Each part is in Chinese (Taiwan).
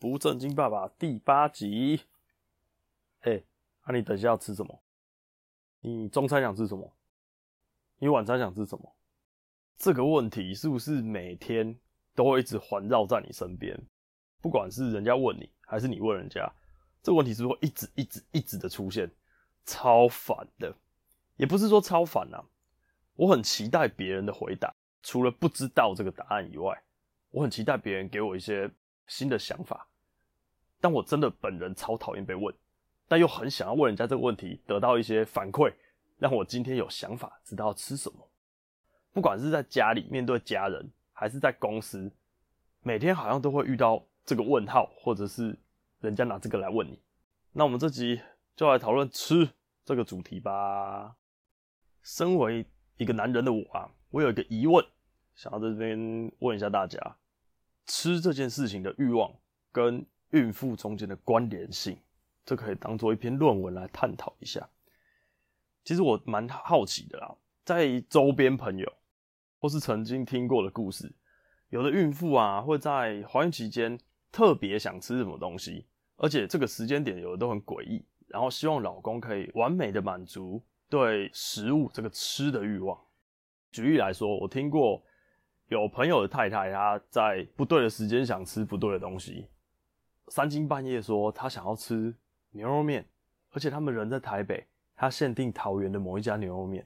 不正經爸爸第八集，哎、欸，那、啊、你等一下要吃什麼？你中餐想吃什麼？你晚餐想吃什麼？這個問題是不是每天都會一直環繞在你身邊？不管是人家問你，還是你問人家，這個問題是不是會一直一直一直的出現？超煩的，也不是說超煩吶、啊，我很期待別人的回答，除了不知道這個答案以外，我很期待別人給我一些新的想法。但我真的本人超討厭被問，但又很想要問人家這個問題，得到一些反饋，讓我今天有想法知道吃什麼。不管是在家裡面對家人，還是在公司，每天好像都會遇到這個問號，或者是人家拿這個來問你。那我們這集就來討論吃這個主題吧。身為一個男人的我啊，我有一個疑問，想要在這邊問一下大家，吃這件事情的慾望跟孕婦中間的關聯性，這可以當做一篇論文來探討一下。其實我蠻好奇的啦，在周邊朋友或是曾經聽過的故事，有的孕婦啊會在懷孕期間特別想吃什麼東西，而且這個時間點有的都很詭異。然後希望老公可以完美的滿足對食物這個吃的慾望。舉例來說，我聽過有朋友的太太，她在不對的時間想吃不對的東西。三更半夜說他想要吃牛肉麵，而且他們人在台北，他限定桃園的某一家牛肉麵。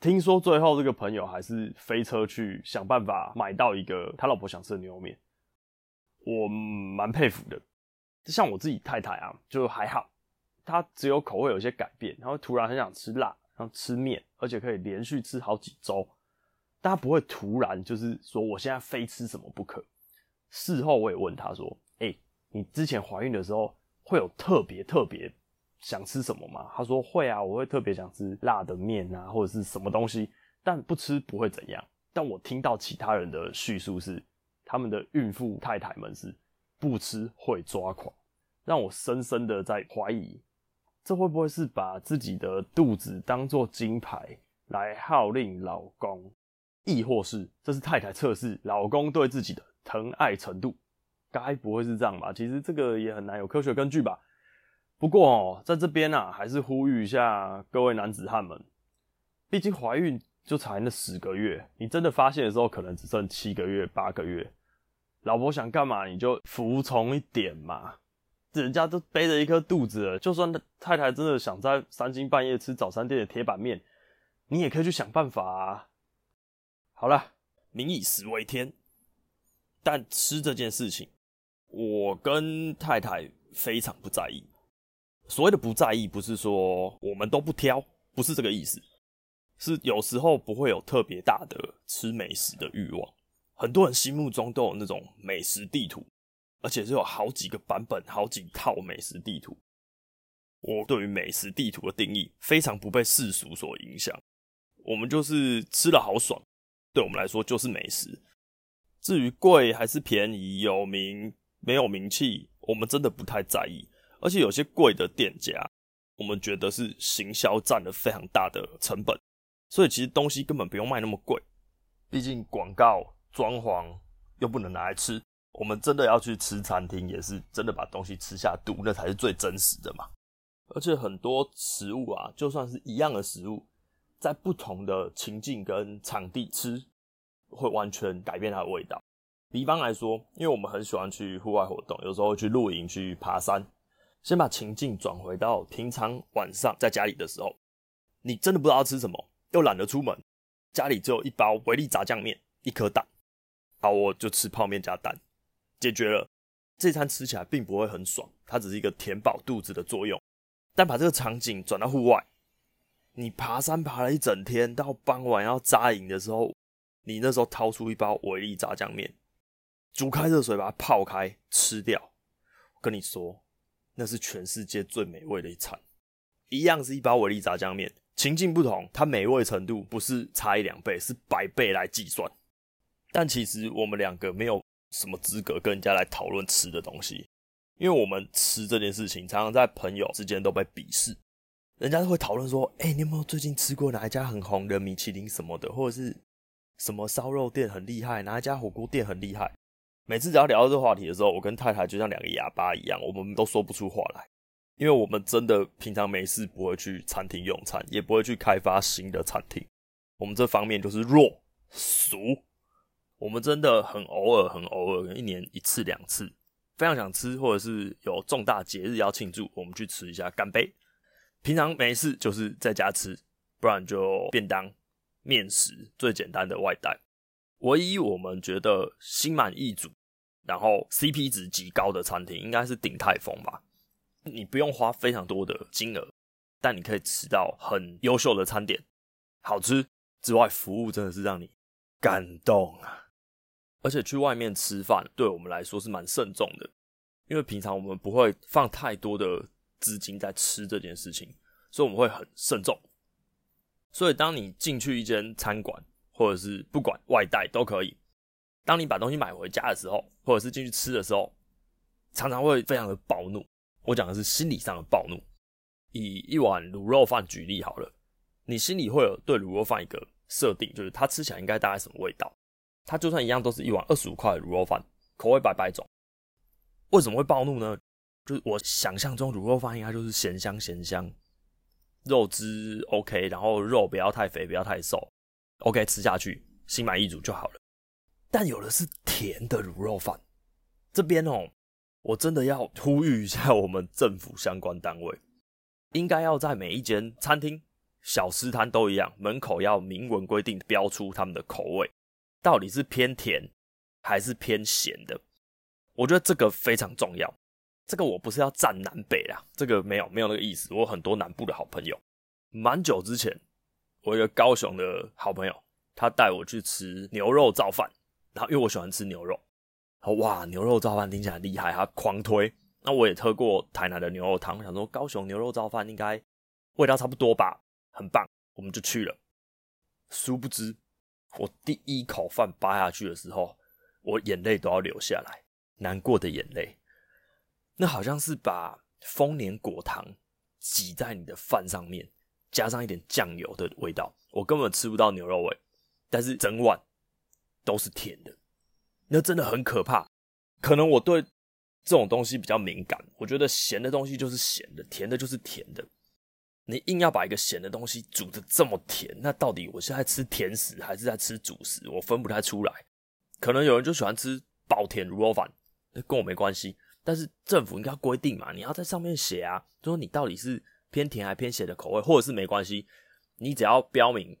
聽說最後這個朋友還是飛車去想辦法買到一個他老婆想吃的牛肉麵，我蠻佩服的。像我自己太太啊，就還好，她只有口味有些改變，她會突然很想吃辣，然後吃麵，而且可以連續吃好幾周。但她不會突然就是說我現在非吃什麼不可。事後我也問她說：“哎、欸。”你之前懷孕的時候會有特別特別想吃什麼嗎？她說，會啊，我會特別想吃辣的面啊，或者是什麼東西，但不吃不會怎樣。但我聽到其他人的敘述是，他們的孕婦太太們是不吃會抓狂，讓我深深的在懷疑，這會不會是把自己的肚子當做金牌來號令老公，亦或是這是太太測試老公對自己的疼愛程度？該不會是這樣吧？其實這個也很難有科學根據吧。不過喔，在這邊啊，還是呼籲一下各位男子漢們，畢竟懷孕就才那十個月，你真的發現的時候，可能只剩七個月、八個月。老婆想幹嘛你就服從一點嘛。人家都背着一顆肚子了，就算太太真的想在三更半夜吃早餐店的鐵板麵，你也可以去想辦法啊。好了，民以食為天，但吃這件事情。我跟太太非常不在意，所謂的不在意，不是說我們都不挑，不是這個意思，是有時候不會有特別大的吃美食的慾望。很多人心目中都有那種美食地圖，而且是有好幾個版本、好幾套美食地圖。我對於美食地圖的定義非常不被世俗所影響，我們就是吃了好爽，對我們來說就是美食。至於貴還是便宜，有名、沒有名氣，我們真的不太在意。而且有些貴的店家，我們覺得是行銷佔了非常大的成本，所以其實東西根本不用賣那麼貴。畢竟廣告裝潢又不能拿來吃，我們真的要去吃餐廳，也是真的把東西吃下肚，那才是最真實的嘛。而且很多食物啊，就算是一樣的食物，在不同的情境跟場地吃，會完全改變它的味道。比方來說，因為我們很喜歡去戶外活動，有時候會去露營、去爬山。先把情境轉回到平常晚上在家裡的時候，你真的不知道要吃什麼，又懶得出門，家裡只有一包維力炸醬麵、一顆蛋，好，我就吃泡麵加蛋，解決了。這餐吃起來並不會很爽，它只是一個填飽肚子的作用。但把這個場景轉到戶外，你爬山爬了一整天，到傍晚要紮營的時候，你那時候掏出一包維力炸醬麵。煮開熱水，把它泡開吃掉。跟你說，那是全世界最美味的一餐。一樣是一包維力炸醬麵，情境不同，它美味程度不是差一兩倍，是百倍來計算。但其實我們兩個沒有什麼資格跟人家來討論吃的東西，因為我們吃這件事情常常在朋友之間都被鄙視。人家都會討論說：“哎、欸，你有沒有最近吃過哪一家很紅的米其林什麼的，或者是什麼燒肉店很厲害，哪一家火鍋店很厲害？”每次只要聊到這個話題的時候，我跟太太就像兩個啞巴一樣，我們都說不出話來，因為我們真的平常沒事不會去餐廳用餐，也不會去開發新的餐廳，我們這方面就是弱、俗。我們真的很偶爾、很偶爾，一年一次、兩次，非常想吃，或者是有重大節日要慶祝，我們去吃一下，乾杯。平常沒事就是在家吃，不然就便當、麵食，最簡單的外帶。唯一我們覺得心滿意足，然後 CP 值極高的餐廳應該是鼎泰豐吧。你不用花非常多的金額，但你可以吃到很優秀的餐點，好吃之外，服務真的是讓你感動啊。而且去外面吃飯對我們來說是蠻慎重的，因為平常我們不會放太多的資金在吃這件事情，所以我們會很慎重。所以當你進去一間餐館，或者是不管外帶都可以。當你把東西買回家的時候，或者是進去吃的時候，常常會非常的暴怒。我講的是心理上的暴怒。以一碗滷肉飯舉例好了，你心裡會有對滷肉飯一個設定，就是它吃起來應該大概什麼味道？它就算一樣都是一碗二十五塊的滷肉飯，口味百百種，為什麼會暴怒呢？就是我想象中滷肉飯應該就是鹹香鹹香，肉汁 OK，然後肉不要太肥，不要太瘦。OK，吃下去心滿意足就好了。但有的是甜的滷肉飯，這邊哦，我真的要呼籲一下我們政府相關單位，應該要在每一間餐廳、小吃攤都一樣，門口要明文規定標出他們的口味，到底是偏甜還是偏鹹的。我覺得這個非常重要。這個我不是要戰南北啊，這個沒有沒有那個意思。我有很多南部的好朋友，蠻久之前。我有一個高雄的好朋友，他帶我去吃牛肉燥飯，然後因為我喜歡吃牛肉，然後哇，牛肉燥飯聽起來厲害，他狂推。那我也喝過台南的牛肉湯，我想說高雄牛肉燥飯應該味道差不多吧，很棒，我們就去了。殊不知，我第一口飯扒下去的時候，我眼淚都要流下來，難過的眼淚。那好像是把豐年果糖擠在你的飯上面。加上一點醬油的味道，我根本吃不到牛肉味，但是整碗都是甜的，那真的很可怕。可能我對這種東西比較敏感，我覺得鹹的東西就是鹹的，甜的就是甜的。你硬要把一個鹹的東西煮得這麼甜，那到底我是在吃甜食還是在吃主食？我分不太出來。可能有人就喜歡吃爆甜滷肉飯，那跟我沒關係。但是政府應該要規定嘛，你要在上面寫啊，就說你到底是。偏甜還偏鹹的口味，或者是沒關係，你只要標明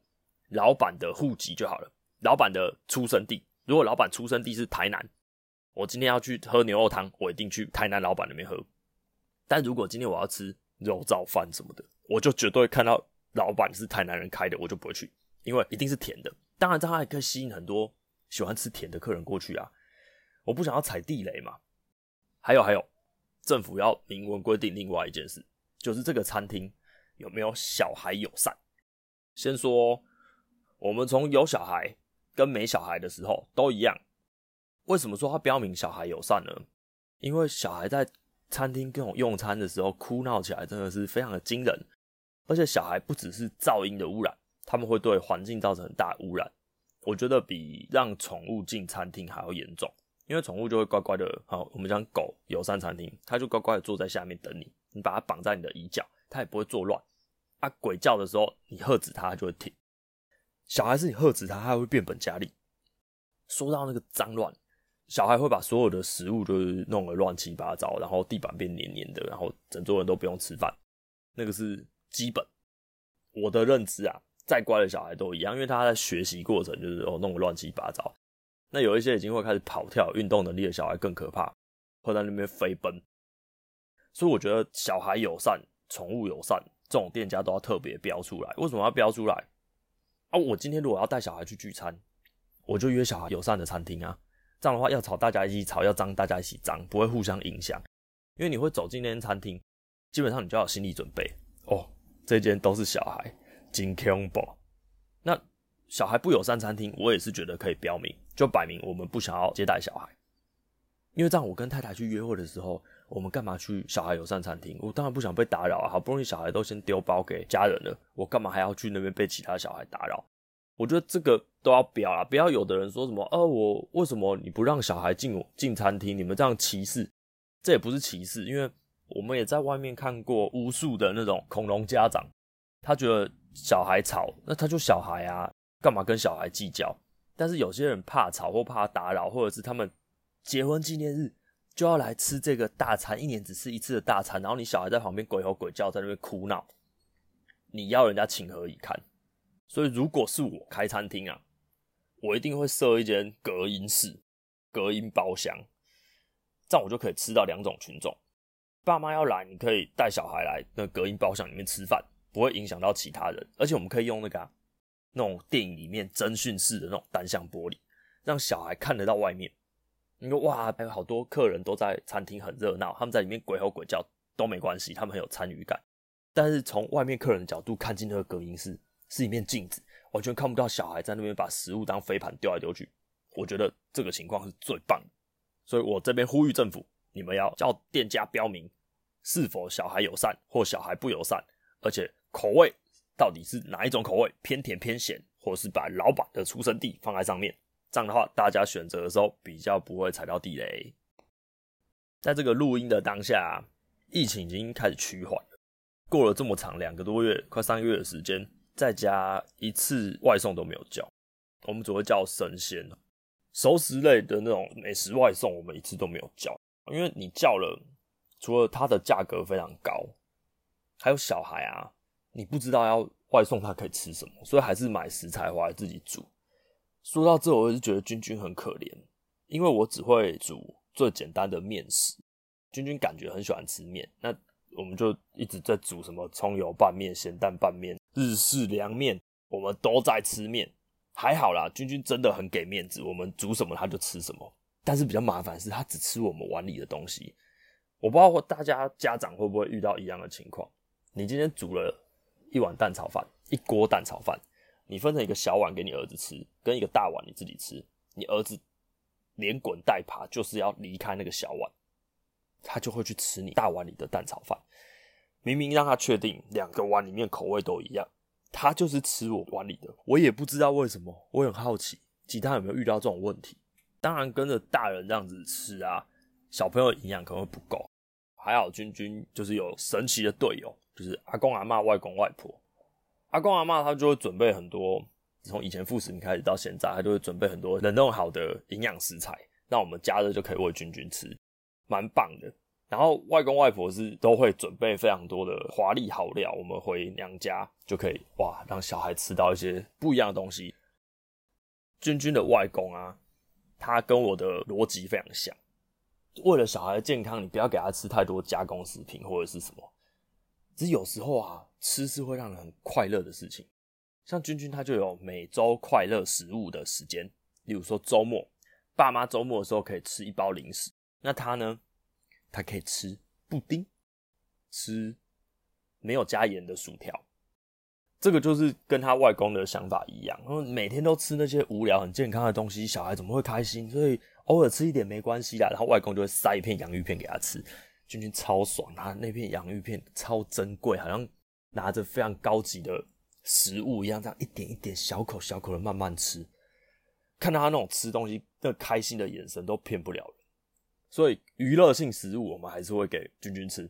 老闆的戶籍就好了。老闆的出生地，如果老闆出生地是台南，我今天要去喝牛肉湯，我一定去台南老闆那邊喝。但如果今天我要吃肉燥飯什麼的，我就絕對會看到老闆是台南人開的，我就不會去，因為一定是甜的。當然，這樣還可以吸引很多喜歡吃甜的客人過去啊。我不想要踩地雷嘛。還有還有，政府要明文規定另外一件事。就是這個餐廳有沒有小孩友善。先說，我們從有小孩跟沒小孩的時候都一樣。為什麼說它標明小孩友善呢？因為小孩在餐廳跟我用餐的時候哭鬧起來，真的是非常的驚人。而且小孩不只是噪音的污染，他們會對環境造成很大的污染。我覺得比讓寵物進餐廳還要嚴重，因為寵物就會乖乖的。好，我們講狗友善餐廳，它就乖乖的坐在下面等你。你把它綁在你的椅腳，它也不會作亂。啊，鬼叫的時候你喝止它，它就會停。小孩是你喝止它，它會變本加厲。說到那個髒亂，小孩會把所有的食物就是弄得亂七八糟，然後地板變黏黏的，然後整桌人都不用吃飯，那個是基本我的認知啊。再乖的小孩都一樣，因為他在學習過程就是哦弄得亂七八糟。那有一些已經會開始跑跳運動能力的小孩更可怕，會在那邊飛奔。所以我覺得小孩友善、寵物友善這種店家都要特別標出來。為什麼要標出來啊？我今天如果要帶小孩去聚餐，我就約小孩友善的餐廳啊。這樣的話，要吵大家一起吵，要髒大家一起髒，不會互相影響。因為你會走進那間餐廳，基本上你就要有心理準備哦。這間都是小孩，真恐怖。那小孩不友善餐廳，我也是覺得可以標明，就擺明我們不想要接待小孩。因為這樣，我跟太太去約會的時候。我們幹嘛去小孩友善餐廳？我當然不想被打擾啊！好不容易小孩都先丟包給家人了，我幹嘛還要去那邊被其他小孩打擾？我覺得這個都要表啊，不要有的人說什麼，呃，我為什麼你不讓小孩進進餐廳？你們這樣歧視？這也不是歧視，因為我們也在外面看過無數的那種恐龍家長，他覺得小孩吵，那他就小孩啊，幹嘛跟小孩計較？但是有些人怕吵或怕打擾，或者是他們結婚紀念日。就要來吃這個大餐，一年只吃一次的大餐，然後你小孩在旁邊鬼吼鬼叫，在那邊哭鬧，你要人家情何以堪？所以如果是我開餐廳啊，我一定會設一間隔音室、隔音包廂，這樣我就可以吃到兩種群眾。爸媽要來，你可以帶小孩來那個隔音包廂裡面吃飯，不會影響到其他人，而且我們可以用那個啊，那種電影裡面偵訊室的那種單向玻璃，讓小孩看得到外面。因為哇，還有好多客人都在餐廳很熱鬧，他們在裡面鬼吼鬼叫都沒關係，他們很有參與感。但是從外面客人的角度看進那個隔音室，是一面鏡子，完全看不到小孩在那邊把食物當飛盤丟來丟去。我覺得這個情況是最棒的，所以我這邊呼籲政府，你們要叫店家標明是否小孩友善或小孩不友善，而且口味到底是哪一種口味，偏甜偏鹹，或是把老闆的出生地放在上面。這樣的話，大家選擇的時候比較不會踩到地雷。在這個錄音的當下，疫情已經開始趨緩了。過了這麼長兩個多月，快三個月的時間，在家一次外送都沒有叫。我們只會叫生鮮、熟食類的那種美食外送，我們一次都沒有叫。因為你叫了，除了它的價格非常高，還有小孩啊，你不知道要外送他可以吃什麼，所以還是買食材回來自己煮。說到這，我是覺得君君很可憐，因為我只會煮最簡單的麵食。君君感覺很喜歡吃麵，那我們就一直在煮什麼蔥油拌麵、鹹蛋拌麵、日式涼麵，我們都在吃麵。還好啦，君君真的很給面子，我們煮什麼他就吃什麼。但是比較麻煩是他只吃我們碗裡的東西。我不知道大家家長會不會遇到一樣的情況，你今天煮了一碗蛋炒飯，一鍋蛋炒飯。你分成一個小碗給你兒子吃，跟一個大碗你自己吃。你兒子連滾帶爬就是要離開那個小碗，他就會去吃你大碗裡的蛋炒飯。明明讓他確定兩個碗裡面口味都一樣，他就是吃我碗裡的。我也不知道為什麼，我很好奇，其他有沒有遇到這種問題？當然跟着大人這樣子吃啊，小朋友的營養可能會不夠。還好君君就是有神奇的隊友，就是阿公阿媽、外公外婆。阿公阿媽他就會準備很多，從以前副食品開始到現在，他就會準備很多冷凍好的營養食材，那我們加熱就可以餵君君吃，蠻棒的。然後外公外婆是都會準備非常多的華麗好料，我們回娘家就可以哇，讓小孩吃到一些不一樣的東西。君君的外公啊，他跟我的邏輯非常像，為了小孩的健康，你不要給他吃太多加工食品或者是什麼，只有時候啊。吃是會讓人很快樂的事情，像君君他就有每周快樂食物的時間，例如說周末，爸媽周末的時候可以吃一包零食，那他呢，他可以吃布丁，吃沒有加鹽的薯條，這個就是跟他外公的想法一樣，每天都吃那些無聊很健康的東西，小孩怎麼會開心？所以偶爾吃一點沒關係啦，然後外公就會塞一片洋芋片給他吃，君君超爽，他那片洋芋片超珍貴，好像拿着非常高級的食物一樣，這樣一點一點、小口小口的慢慢吃，看到他那種吃東西，那開心的眼神都騙不了人。所以娛樂性食物我們還是會給君君吃，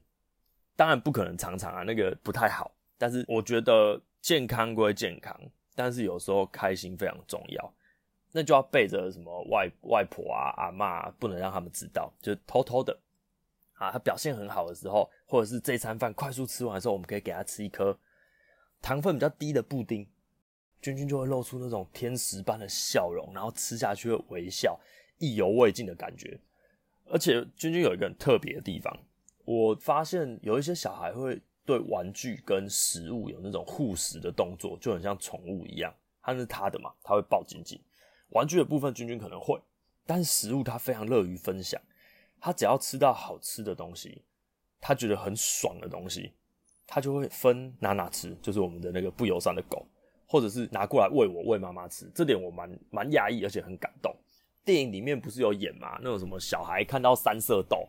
當然不可能常常啊，那個不太好。但是我覺得健康歸健康，但是有時候開心非常重要，那就要背着什麼外外婆啊、阿嬤啊，不能讓他們知道，就偷偷的。啊，他表現很好的時候，或者是這餐飯快速吃完的時候，我們可以給他吃一顆糖分比較低的布丁，君君就會露出那種天使般的笑容，然後吃下去會微笑、意猶未盡的感覺。而且君君有一個很特別的地方，我發現有一些小孩會對玩具跟食物有那種護食的動作，就很像寵物一樣，它是他的嘛，他會抱緊緊。玩具的部分君君可能會，但是食物他非常樂於分享。他只要吃到好吃的東西，他覺得很爽的東西，他就會分娜娜吃，就是我們的那個不友善的狗，或者是拿過來餵我餵媽媽吃。這點我蠻蠻訝異，而且很感動。電影裡面不是有演嗎？那種什麼小孩看到三色豆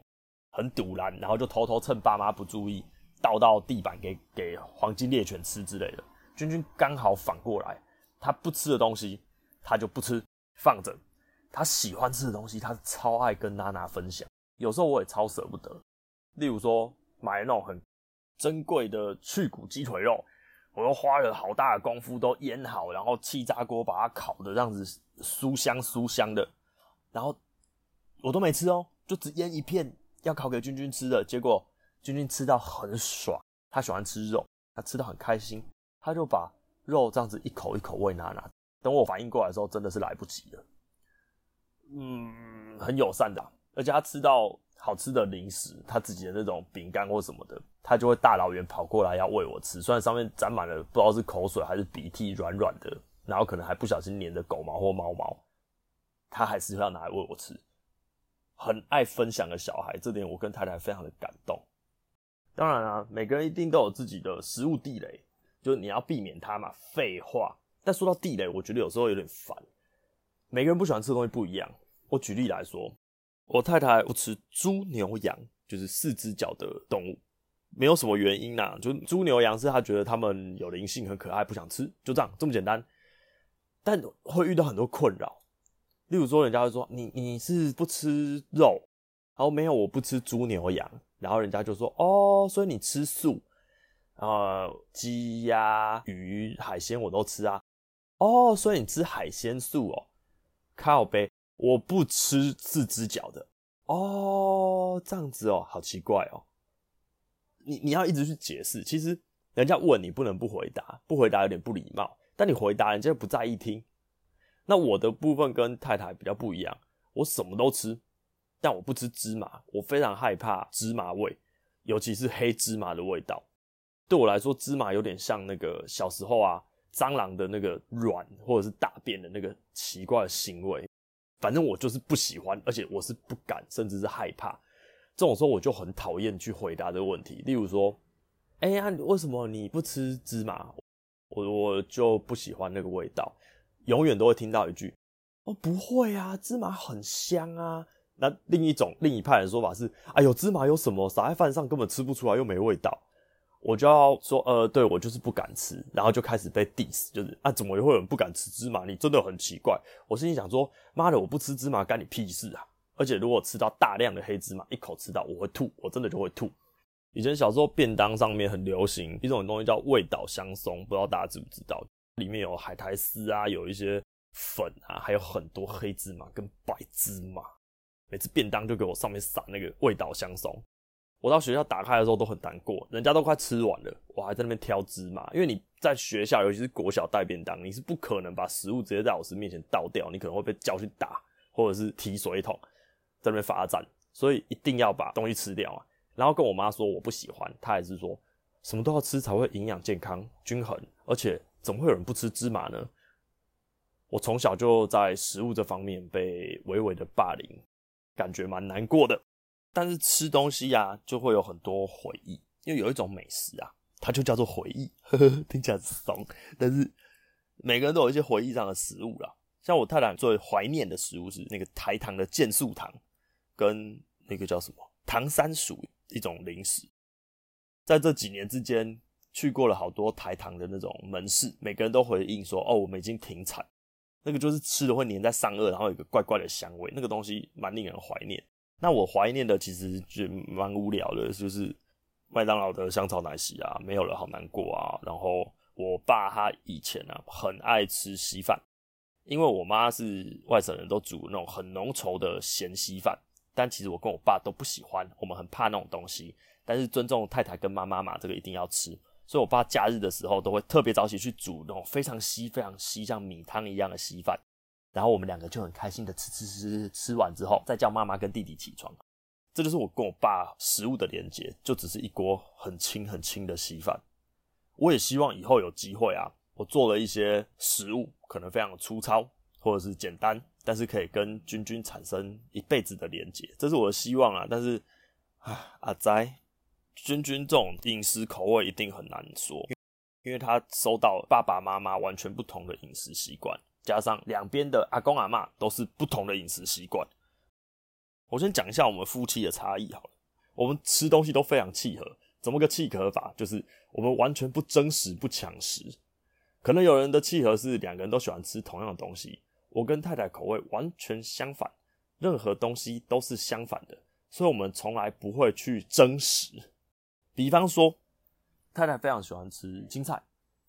很賭爛，然後就偷偷趁爸媽不注意倒到地板給給黃金獵犬吃之類的。君君剛好反過來，他不吃的東西他就不吃，放着；他喜歡吃的東西，他超愛跟娜娜分享。有時候我也超捨不得，例如說買了那種很珍貴的去骨雞腿肉，我又花了好大的功夫都醃好，然後氣炸鍋把它烤的這樣子酥香酥香的，然後我都沒吃哦、喔，就只醃一片要烤給君君吃的。結果君君吃到很爽，他喜歡吃肉，他吃的很開心，他就把肉這樣子一口一口餵娜娜。等我反應過來的時候，真的是來不及了。嗯，很友善的、啊。而且他吃到好吃的零食，他自己的那種餅乾或什麼的，他就會大老遠跑過來要餵我吃。雖然上面沾滿了不知道是口水還是鼻涕，軟軟的，然後可能還不小心粘着狗毛或貓毛，他還是會要拿來餵我吃。很愛分享的小孩，這點我跟太太非常的感動。當然啊，每個人一定都有自己的食物地雷，就是你要避免它嘛。廢話。但說到地雷，我覺得有時候有點煩。每個人不喜歡吃的東西不一樣。我舉例來說。我太太不吃豬牛羊，就是四隻腳的動物，沒有什麼原因吶。就豬牛羊是她覺得他們有靈性，很可愛，不想吃，就這樣這麼簡單。但會遇到很多困擾，例如說人家會說你你是不吃肉，然後沒有，我不吃豬牛羊，然後人家就說，哦所以你吃素，然後雞鴨魚海鮮我都吃啊，哦所以你吃海鮮素哦，靠北。我不吃四隻腳的哦，oh, 這樣子哦、喔，好奇怪哦、喔。你你要一直去解釋，其實人家問你，不能不回答，不回答有點不禮貌，但你回答人家又不在意聽。那我的部分跟太太比較不一樣，我什麼都吃，但我不吃芝麻，我非常害怕芝麻味，尤其是黑芝麻的味道。對我來說，芝麻有點像那個小時候啊蟑螂的那個卵，或者是大便的那個奇怪的腥味。反正我就是不喜歡，而且我是不敢，甚至是害怕。這種時候我就很討厭去回答這個問題。例如說，哎呀，為什麼你不吃芝麻？我我就不喜歡那個味道。永遠都會聽到一句：“哦，不會啊，芝麻很香啊。”那另一種另一派的說法是：“哎呦，芝麻有什麼？撒在飯上根本吃不出來，又沒味道。”我就要說，呃，對，我就是不敢吃，然後就開始被 diss，就是啊，怎麼就會有人不敢吃芝麻？你真的很奇怪。我心裡想說，媽的，我不吃芝麻，幹你屁事啊！而且如果吃到大量的黑芝麻，一口吃到，我會吐，我真的就會吐。以前小時候便當上面很流行一種有東西叫味道香鬆，不知道大家知不知道？裡面有海苔絲啊，有一些粉啊，還有很多黑芝麻跟白芝麻。每次便當就給我上面撒那個味道香鬆。我到學校打開的時候都很難過，人家都快吃完了，我還在那邊挑芝麻。因為你在學校，尤其是國小帶便當，你是不可能把食物直接在老師面前倒掉，你可能會被叫去打，或者是提水桶在那邊罰站。所以一定要把東西吃掉啊！然後跟我媽說我不喜歡，她還是說什麼都要吃才會營養健康均衡。而且怎麼會有人不吃芝麻呢？我從小就在食物這方面被微微的霸凌，感覺蠻難過的。但是吃東西啊，就會有很多回憶。因為有一種美食啊，它就叫做回憶，呵呵，聽起來慫。但是每個人都有一些回憶上的食物啦。像我太太最懷念的食物是那個台糖的健素糖，跟那個叫什麼糖三薯，一種零食。在這幾年之間，去過了好多台糖的那種門市，每個人都回應說：“哦，我們已經停產。”那個就是吃了會黏在上顎，然後有一個怪怪的香味。那個東西蠻令人懷念。那我懷念的其實就蠻無聊的，就是麥當勞的香草奶昔啊，沒有了，好難過啊。然後我爸他以前啊很愛吃稀飯，因為我媽是外省人都煮那種很濃稠的鹹稀飯，但其實我跟我爸都不喜歡，我們很怕那種東西。但是尊重太太跟媽媽嘛，這個一定要吃，所以我爸假日的時候都會特別早起去煮那種非常稀、非常稀，像米湯一樣的稀飯。然後我們兩個就很開心的吃吃吃，吃，吃，吃完之後再叫媽媽跟弟弟起床。這就是我跟我爸食物的連接，就只是一鍋很輕很輕的稀飯。我也希望以後有機會啊，我做了一些食物，可能非常的粗糙或者是簡單，但是可以跟君君產生一輩子的連接，這是我的希望啊。但是啊，阿宅君君這種飲食口味一定很難說，因為他收到爸爸媽媽完全不同的飲食習慣。加上兩邊的阿公阿媽都是不同的飲食習慣。我先講一下我們夫妻的差異好了。我們吃東西都非常契合，怎麼個契合法？就是我們完全不爭食、不搶食。可能有人的契合是兩個人都喜歡吃同樣的東西，我跟太太口味完全相反，任何東西都是相反的，所以我們從來不會去爭食。比方說，太太非常喜歡吃青菜，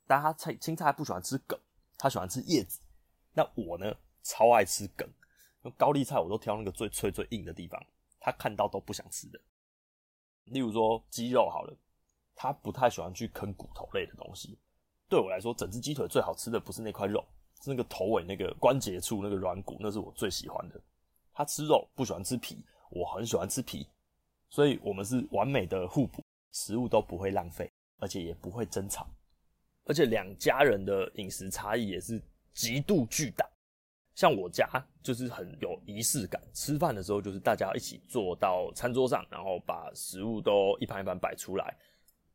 但她菜青菜不喜歡吃梗，她喜歡吃葉子。那我呢，超愛吃梗，高麗菜我都挑那個最脆最硬的地方，他看到都不想吃的。例如說雞肉好了，他不太喜歡去啃骨頭類的東西。對我來說，整隻雞腿最好吃的不是那塊肉，是那個頭尾那個關節處那個軟骨，那是我最喜歡的。他吃肉不喜歡吃皮，我很喜歡吃皮，所以我們是完美的互補，食物都不會浪費，而且也不會爭吵。而且兩家人的飲食差異也是極度巨大，像我家就是很有儀式感，吃飯的時候就是大家一起坐到餐桌上，然後把食物都一盤一盤擺出來，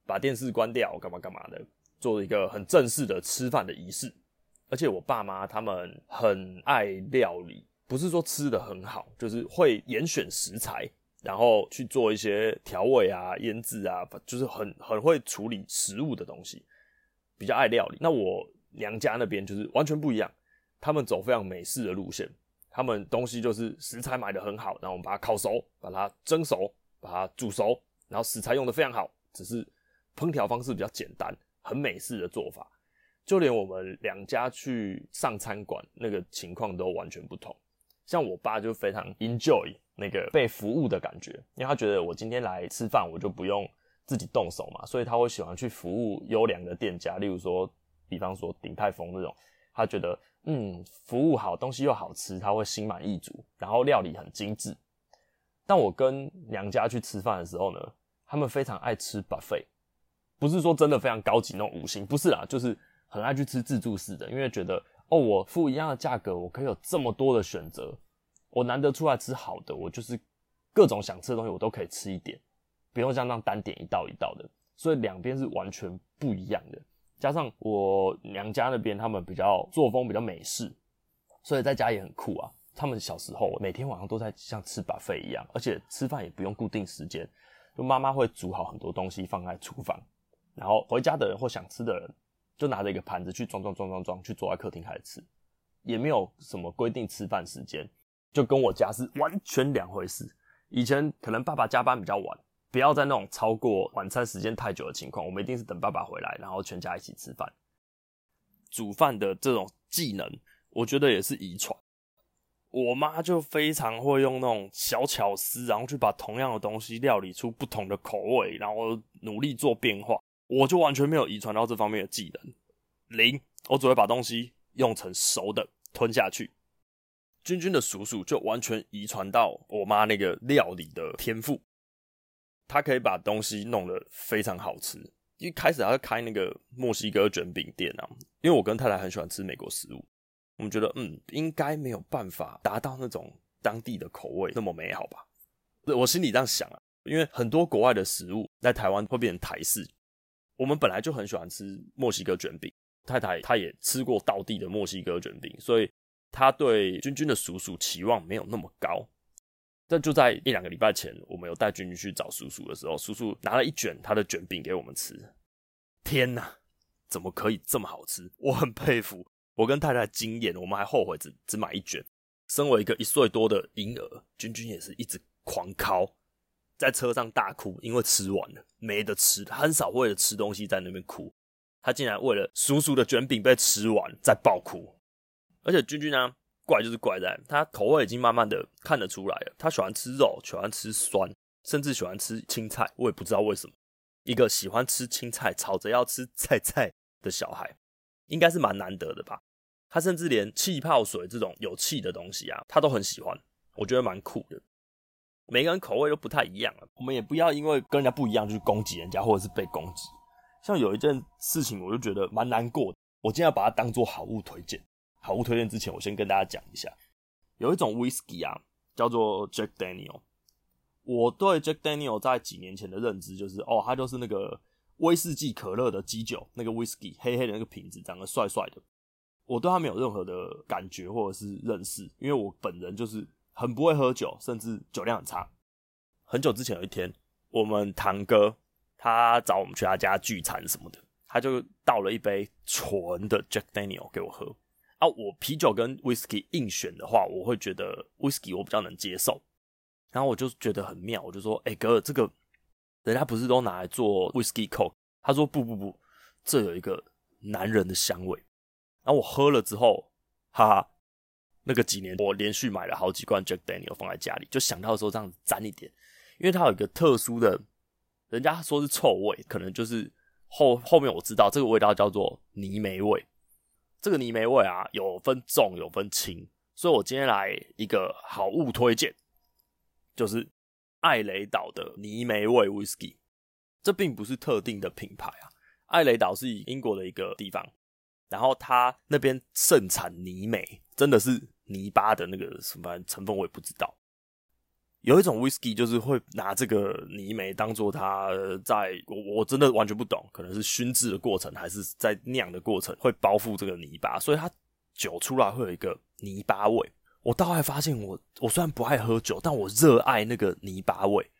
把電視關掉，幹嘛幹嘛的，做一個很正式的吃飯的儀式。而且我爸媽他們很愛料理，不是說吃的很好，就是會嚴選食材，然後去做一些調味啊、醃製啊，就是很很會處理食物的東西，比較愛料理。那我娘家那邊就是完全不一樣，他們走非常美式的路線，他們東西就是食材買得很好，然後我們把它烤熟、把它蒸熟、把它煮熟，然後食材用得非常好，只是烹調方式比較簡單，很美式的做法。就連我們兩家去上餐館，那個情況都完全不同。像我爸就非常 enjoy 那個被服務的感覺，因為他覺得我今天來吃飯，我就不用自己動手嘛，所以他會喜歡去服務優良的店家，例如說，比方說鼎泰豐這種，他覺得嗯服務好，東西又好吃，他會心滿意足。然後料理很精致。但我跟娘家去吃飯的時候呢，他們非常愛吃 buffet，不是說真的非常高級那種五星，不是啦，就是很愛去吃自助式的，因為覺得哦，我付一樣的價格，我可以有這麼多的選擇。我難得出來吃好的，我就是各種想吃的東西，我都可以吃一點，不用像那單點一道一道的。所以兩邊是完全不一樣的。加上我娘家那邊，他們比較作風比較美式，所以在家也很酷啊。他們小時候每天晚上都在像吃 buffet 一樣，而且吃飯也不用固定時間，就媽媽會煮好很多東西放在廚房，然後回家的人或想吃的人，就拿着一個盤子去裝裝裝裝裝，去坐在客廳開始吃，也沒有什麼規定吃飯時間，就跟我家是完全兩回事。以前可能爸爸加班比較晚。不要在那種超過晚餐時間太久的情況，我們一定是等爸爸回來，然後全家一起吃飯。煮飯的這種技能，我覺得也是遺傳。我媽就非常會用那種小巧思，然後去把同樣的東西料理出不同的口味，然後努力做變化。我就完全沒有遺傳到這方面的技能。零，我只會把東西用成熟的吞下去。君君的叔叔就完全遺傳到我媽那個料理的天賦。他可以把東西弄得非常好吃。一開始他開那個墨西哥捲餅店啊，因為我跟太太很喜歡吃美國食物，我們覺得嗯，應該沒有辦法達到那種當地的口味那麼美好吧。我心裡這樣想啊，因為很多國外的食物在台灣會變成台式。我們本來就很喜歡吃墨西哥捲餅，太太她也吃過道地的墨西哥捲餅，所以她對君君的叔叔期望沒有那麼高。這就在一兩個禮拜前，我們有帶君君去找叔叔的時候，叔叔拿了一卷他的卷餅給我們吃。天哪，怎麼可以這麼好吃？我很佩服，我跟太太的驚豔，我們還後悔只只買一卷。身為一個一歲多的嬰兒，君君也是一直狂嗑，在車上大哭，因為吃完了沒得吃。他很少為了吃東西在那邊哭，他竟然為了叔叔的卷餅被吃完在爆哭，而且君君呢？怪就是怪在，他口味已經慢慢的看得出來了，他喜歡吃肉，喜歡吃酸，甚至喜歡吃青菜，我也不知道為什麼。一個喜歡吃青菜，吵着要吃菜菜的小孩，應該是蠻難得的吧？他甚至連氣泡水這種有氣的東西啊，他都很喜歡，我覺得蠻酷的。每個人口味都不太一樣了， 我們也不要因為跟人家不一樣，就去攻擊人家或者是被攻擊。像有一件事情，我就覺得蠻難過的，我今天要把它當作好物推薦。好物推薦之前，我先跟大家講一下，有一種 whisky 啊，叫做 Jack Daniel。我對 Jack Daniel 在幾年前的認知就是，哦，他就是那個威士忌可樂的基酒，那個 whisky 黑黑的那個瓶子，長得帥帥的。我對他沒有任何的感覺或者是認識，因為我本人就是很不會喝酒，甚至酒量很差。很久之前有一天，我們堂哥他找我們去他家聚餐什麼的，他就倒了一杯純的 Jack Daniel 給我喝。啊，我啤酒跟 whisky 硬選的話，我會覺得 whisky 我比較能接受。然後我就覺得很妙，我就說，欸，哎哥，這個人家不是都拿來做 whisky coke？他說不不不，這有一個男人的香味。然後我喝了之後，哈哈，那個幾年我連續買了好幾罐 Jack Daniel 放在家裡，就想到的時候這樣子沾一點，因為它有一個特殊的，人家說是臭味，可能就是後後面我知道這個味道叫做泥煤味。這個泥煤味啊，有分重有分輕，所以我今天來一個好物推薦，就是艾雷島的泥煤味 whisky。這並不是特定的品牌啊，艾雷島是英國的一個地方，然後它那邊盛產泥煤，真的是泥巴的那個什麼成分我也不知道。有一種威士忌，就是會拿這個泥煤當做它在……我我真的完全不懂，可能是燻製的過程，還是在釀的過程會包覆這個泥巴，所以它酒出來會有一個泥巴味。我倒還發現我，我我雖然不愛喝酒，但我熱愛那個泥巴味。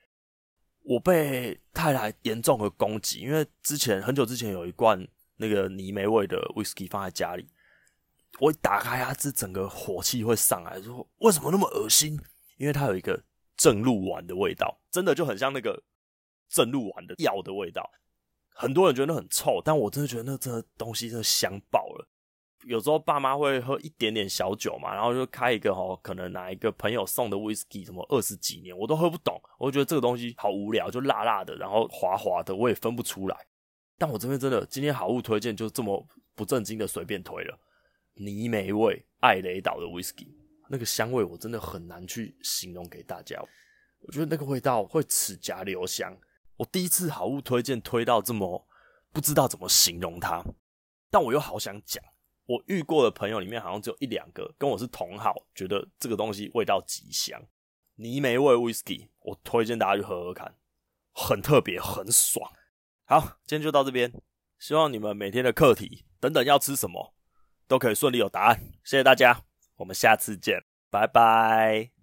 我被太太嚴重的攻擊，因為之前很久之前有一罐那個泥煤味的威士忌放在家裡，我一打開它，這整個火氣會上來說，為什麼那麼噁心？因為它有一個。正露丸的味道真的就很像那個正露丸的藥的味道，很多人覺得很臭，但我真的覺得那這東西真的香爆了。有時候爸媽會喝一點點小酒嘛，然後就開一個哦，可能哪一個朋友送的 whisky，什麼二十幾年，我都喝不懂，我就覺得這個東西好無聊，就辣辣的，然後滑滑的，我也分不出來。但我這邊真的今天好物推薦就這麼不正經的隨便推了，泥煤味艾雷島的 whisky。那個香味我真的很難去形容給大家，我覺得那個味道會齒頰留香。我第一次好物推薦推到這麼，不知道怎麼形容它，但我又好想講。我遇過的朋友裡面好像只有一兩個跟我是同好，覺得這個東西味道極香。泥煤味 whisky，我推薦大家去喝喝看，很特別，很爽。好，今天就到這邊，希望你們每天的課題等等要吃什麼都可以順利有答案。謝謝大家。我們下次見，拜拜。